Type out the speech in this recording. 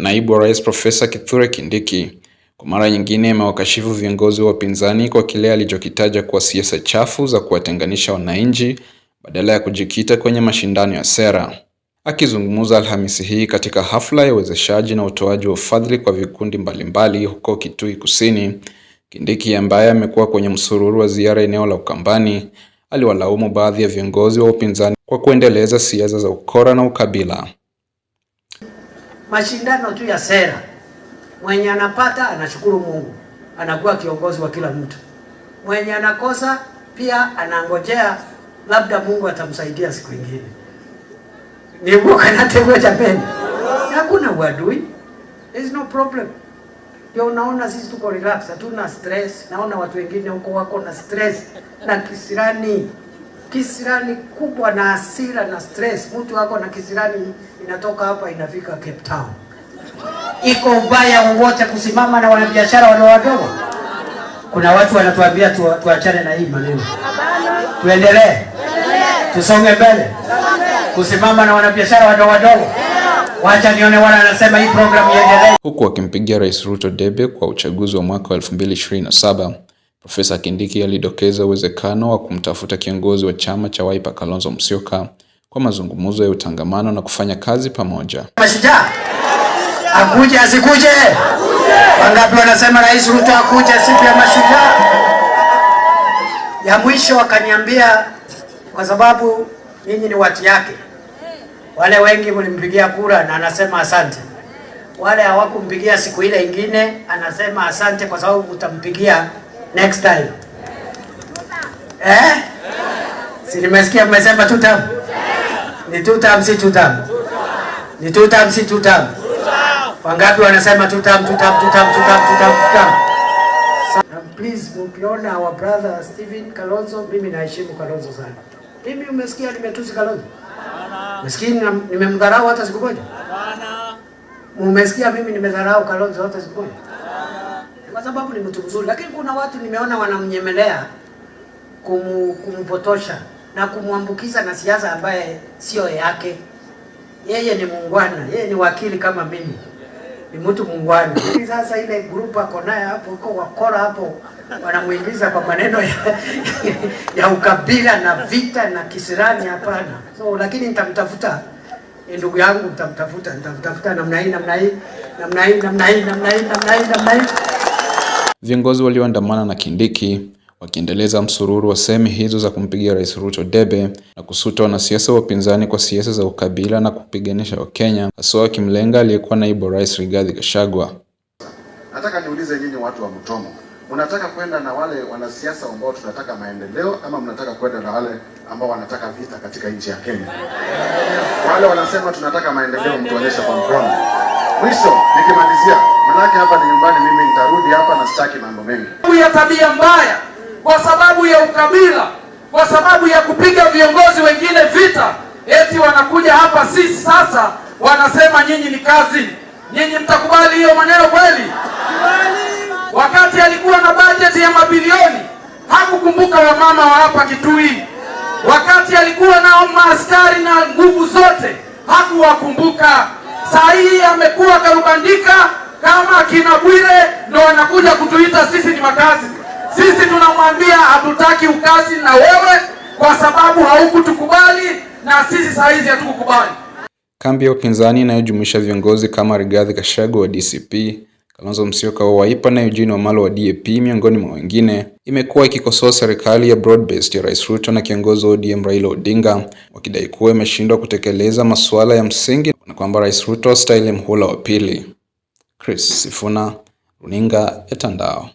naibu wa rais Profesa Kithure Kindiki kwa mara nyingine amewakashifu viongozi wa upinzani kwa kile alichokitaja kuwa siasa chafu za kuwatenganisha wananchi badala ya kujikita kwenye mashindano ya sera. Akizungumza Alhamisi hii katika hafla ya uwezeshaji na utoaji wa ufadhili kwa vikundi mbalimbali huko Kitui Kusini, Kindiki ambaye amekuwa kwenye msururu wa ziara eneo la Ukambani aliwalaumu baadhi ya viongozi wa upinzani kwa kuendeleza siasa za ukora na ukabila mashindano tu ya sera. Mwenye anapata anashukuru Mungu, anakuwa kiongozi wa kila mtu. Mwenye anakosa pia anangojea labda Mungu atamsaidia siku nyingine. Nimukanateuajapeni hakuna uadui, there is no problem. Ndio unaona sisi tuko relax, hatuna stress. Naona watu wengine huko wako na stress na kisirani kisirani kubwa na hasira na stress. Mtu wako na kisirani inatoka hapa inafika Cape Town. Iko ubaya wote kusimama na wanabiashara wadogo wadogo? Kuna watu wanatuambia tuachane na hii maneno, tuendelee tusonge mbele, kusimama na wanabiashara wadogo wadogo. Wacha nione wana anasema hii programu iendelee, huku wakimpigia Rais Ruto debe kwa uchaguzi wa mwaka wa 2027. Profesa Kindiki alidokeza uwezekano wa kumtafuta kiongozi wa chama cha Wiper Kalonzo Musyoka kwa mazungumzo ya utangamano na kufanya kazi pamoja. Mashujaa akuje asikuje? Wangapi wanasema Rais Ruto akuje siku ya mashujaa? Ya mwisho wakaniambia, kwa sababu nyinyi ni watu yake, wale wengi mlimpigia kura na anasema asante, wale hawakumpigia siku ile ingine anasema asante, kwa sababu utampigia next time eh? Si nimesikia mmesema two term, ni two term, si two term, ni two term, si two term. Wangapi wanasema two term, two term, two term, two term, two term, two term? Please, mukiona our brother Stephen Kalonzo, mimi naheshimu Kalonzo sana. Mimi umesikia nimetusi Kalonzo? Hapana. Maskini nimemdharau hata siku moja? Hapana. Umesikia mimi nimedharau Kalonzo hata siku moja? kwa sababu ni mtu mzuri, lakini kuna watu nimeona wanamnyemelea kum, kumpotosha na kumwambukiza na siasa ambaye sio yake. Yeye ni muungwana, yeye ni wakili kama mimi, ni mtu muungwana. Sasa ile grupu ako naye hapo iko wakora hapo, wanamwingiza kwa maneno ya, ya ukabila na vita na kisirani. Hapana, so lakini nitamtafuta ndugu yangu, nitamtafuta nitamtafuta namna hii namna hii namna hii namna hii namna hii namna hii namna hii Viongozi walioandamana na Kindiki wakiendeleza msururu wa semi hizo za kumpigia Rais Ruto debe na kusuta wanasiasa wa upinzani kwa siasa za ukabila na kupiganisha Wakenya, haswa wakimlenga aliyekuwa naibu rais Rigathi Gachagua. Nataka niulize nyinyi watu wa Mtomo, unataka kwenda na wale wanasiasa ambao tunataka maendeleo ama mnataka kwenda na wale ambao wanataka vita katika nchi ya Kenya? Wale wanasema tunataka maendeleo, mtuonyesha kwa mkono. Mwisho nikimalizia manake hapa ni nyumbani, mimi nitarudi hapa na sitaki mambo mengi ya tabia mbaya, kwa sababu ya ukabila, kwa sababu ya kupiga viongozi wengine vita, eti wanakuja hapa sisi sasa wanasema nyinyi ni kazi. Nyinyi mtakubali hiyo maneno kweli? Wakati alikuwa na bajeti ya mabilioni hakukumbuka wamama wa hapa Kitui. Wakati alikuwa nao maaskari na nguvu zote hakuwakumbuka. Saa hii amekuwa karubandika kama kina Bwire ndo wanakuja kutuita sisi ni makazi, sisi tunamwambia hatutaki ukazi na wewe kwa sababu haukutukubali na sisi saa hizi hatukukubali. Kambi ya upinzani inayojumuisha viongozi kama Rigathi Gachagua wa DCP, Kalonzo Musyoka wa Wiper na Eugene Wamalwa wa DAP miongoni mwa wengine imekuwa ikikosoa serikali ya broad-based ya Rais Ruto na kiongozi wa ODM Raila Odinga wakidai kuwa imeshindwa kutekeleza masuala ya msingi na kwamba Rais Ruto astahili mhula wa pili. Chris Sifuna, runinga ya Tandao.